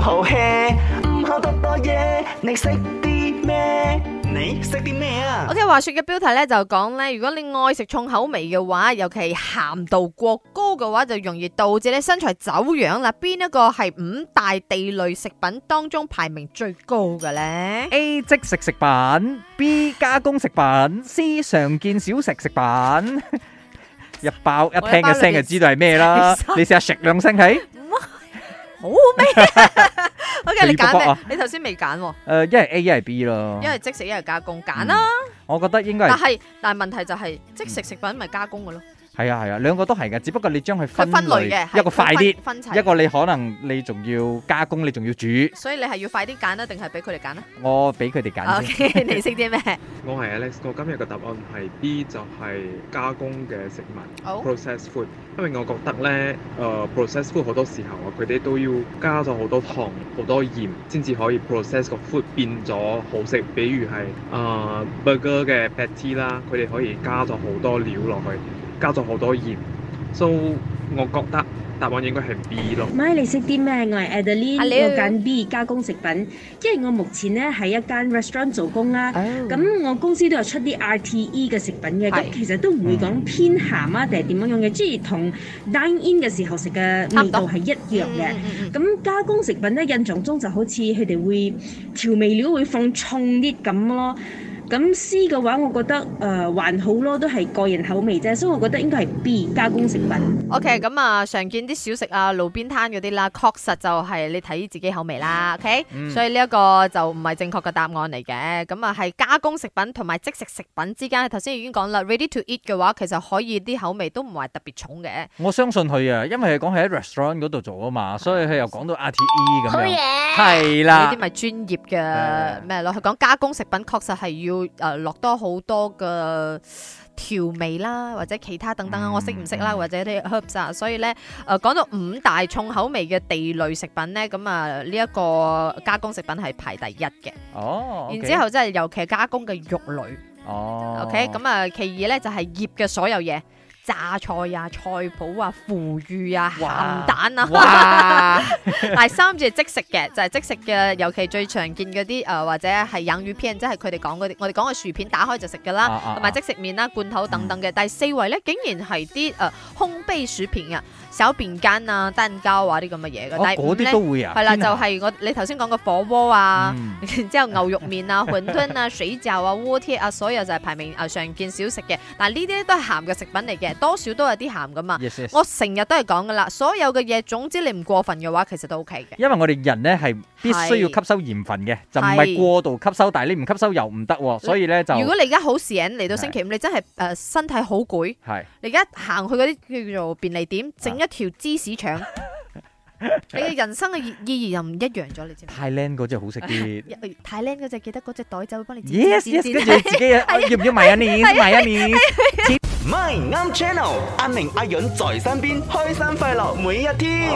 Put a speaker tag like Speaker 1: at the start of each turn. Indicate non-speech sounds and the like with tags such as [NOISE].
Speaker 1: 好吃，唔好得多嘢，你食啲咩？你食啲咩啊？我哋話
Speaker 2: 說嘅標題咧就講咧，如果你愛食重口味嘅話，尤其鹹度過高嘅話，就容易導致你身材走樣啦。邊一個係五大地類食品當中排名最高嘅咧？A 即食食
Speaker 1: 品，B 加工食品，C 常見小食食品。 [LAUGHS] 一包一聽嘅聲就知道係咩啦。你試下食兩聲起。 [LAUGHS] 好味啊！O K，你揀咩？啊、你頭先未揀喎。誒，一係 A 一係 B 咯。因為
Speaker 2: 即食一係加工，揀啦，嗯。
Speaker 1: 我覺得應該係，但係
Speaker 2: 但係問題就係即食食品咪加工嘅咯。
Speaker 1: 係啊係啊，兩個都係嘅，只不過你將佢分類嘅，分類一個快啲，一個你可能你仲要加工，你仲要煮。
Speaker 2: 所以你係要快啲揀啊，定係俾佢哋揀啊？
Speaker 1: 我俾佢哋揀先。Okay,
Speaker 2: 你識啲咩？
Speaker 1: [LAUGHS] 我係 Alex，我今日嘅答案係 B，就係加工嘅食物。process、oh? ed food。因為我覺得咧，誒、呃、processed food 好多時候啊，佢哋都要加咗好多糖、好多鹽，先至可以 process 個 food 變咗好食。比如係誒、呃、burger 嘅 patty 啦，佢哋可以加咗好多料落去。加咗好多鹽，所、so, 以我覺得答案應該係 B 咯。唔係，
Speaker 2: 你識啲咩？我係 Adeline，Hello. 我揀 B 加工食品，因為我目前咧喺一間 restaurant 做工啦、啊。咁、oh. 我公司都有出啲 RTE 嘅食品嘅，咁、oh. 其實都唔會講偏鹹啊，定係點樣樣嘅，oh. 即係同 dine in 嘅時候食嘅味道係一樣嘅。咁、oh. 嗯、加工食品咧，印象中就好似佢哋會調味料會放重啲咁咯。咁 C 嘅話，我覺得誒、呃、還好咯，都係個人口味啫，所以我覺得應該係 B 加工食品。OK，咁啊，常見啲小食啊、路邊攤嗰啲啦，確實就係你睇自己口味啦。OK，嗯、所以呢一個就唔係正確嘅答案嚟嘅。咁、嗯、啊，係加工食品同埋即食食品之間，頭先已經講啦。Ready to eat 嘅話，其實可以啲口味都唔係特別重嘅。
Speaker 1: 我相信佢啊，因為佢講係喺 restaurant 嗰度做啊嘛，所以佢又講到 RTE 咁嘢？係啦，呢啲咪
Speaker 2: 專業嘅咩咯？佢講的加工食品確實係要，會誒落多好多嘅調味啦，或者其他等等，嗯、我識唔識啦，或者啲 herbs 啊，所以咧，誒講到五大重口味嘅地類食品咧，咁啊呢一個加工食品係排第一嘅。哦，okay，然之後即係尤其係加工嘅肉類。
Speaker 1: 哦，OK，咁、嗯、啊
Speaker 2: 其二咧就係醃嘅所有嘢，榨菜呀、菜脯啊、腐乳啊、鹹蛋啊，第三隻係即食嘅，就係即食嘅，尤其最常見嗰啲誒，或者係養魚片，即係佢哋講嗰啲，我哋講嘅薯片打開就食㗎啦，同埋即食麵啦、罐頭等等嘅。第四位咧，竟然係啲誒空杯薯片啊、小便間啊、蛋糕啊啲咁嘅嘢嘅。哦，嗰啲都會啊，係啦，就係我你頭先講嘅火鍋啊，然之後牛肉麵啊、雲吞啊、水餃啊、鍋貼啊，所有就係排名常見小食嘅。但係，呢啲都係鹹嘅食品嚟嘅。多少都有啲鹹噶嘛，我成日都係講噶啦，所有嘅嘢，總之你唔過分嘅話，其實都 OK 嘅。
Speaker 1: 因為我哋人咧係必須要吸收鹽分嘅，就唔係過度吸收，但係你唔吸收又唔得喎，所以咧就如果你
Speaker 2: 而家好醒嚟到星期五，你真係誒身體好攰，係你而家行去嗰啲叫做便利店整一條芝士腸，你嘅人生嘅意意義又唔一樣咗，你知？
Speaker 1: 太靚嗰隻好食啲，
Speaker 2: 太靚嗰隻記得嗰隻袋仔會幫你，yes yes，跟住自己要唔要 mayonnaise，mayonnaise。My o w
Speaker 1: channel，阿明阿允在身邊，開心快樂每一天。